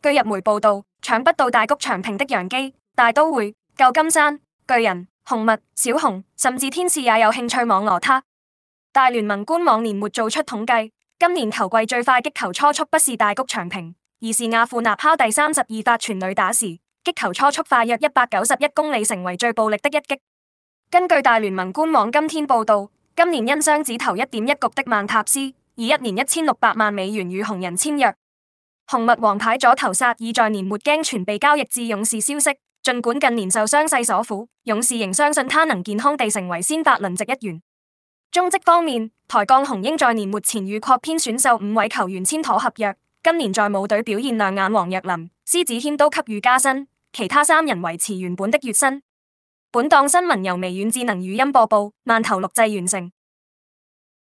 據日媒報道，搶不到大谷翔平的洋基、大都會、舊金山、巨人、紅襪、小紅，甚至天使也有興趣網羅他。大聯盟官網年末做出統計，今年球季最快擊球初速不是大谷翔平，而是亞庫納拋第三十二發全壘打時，擊球初速快約一百九十一公里，成為最暴力的一擊。根據大聯盟官網今天報道，今年因雙子投一點一局的曼塔斯，以一年一千六百萬美元與紅人簽約。紅襪王牌左投殺已在年末驚傳被交易至勇士消息，儘管近年受傷勢所苦，勇士仍相信他能健康地成為先發輪值一員。中職方面，台鋼雄鷹在年末前與擴編選秀五位球員簽妥合約，今年在母隊表現亮眼，王若琳、施子謙都給予加薪，其他三人維持原本的月薪。本檔新聞由微軟智能語音播報，慢頭錄製完成。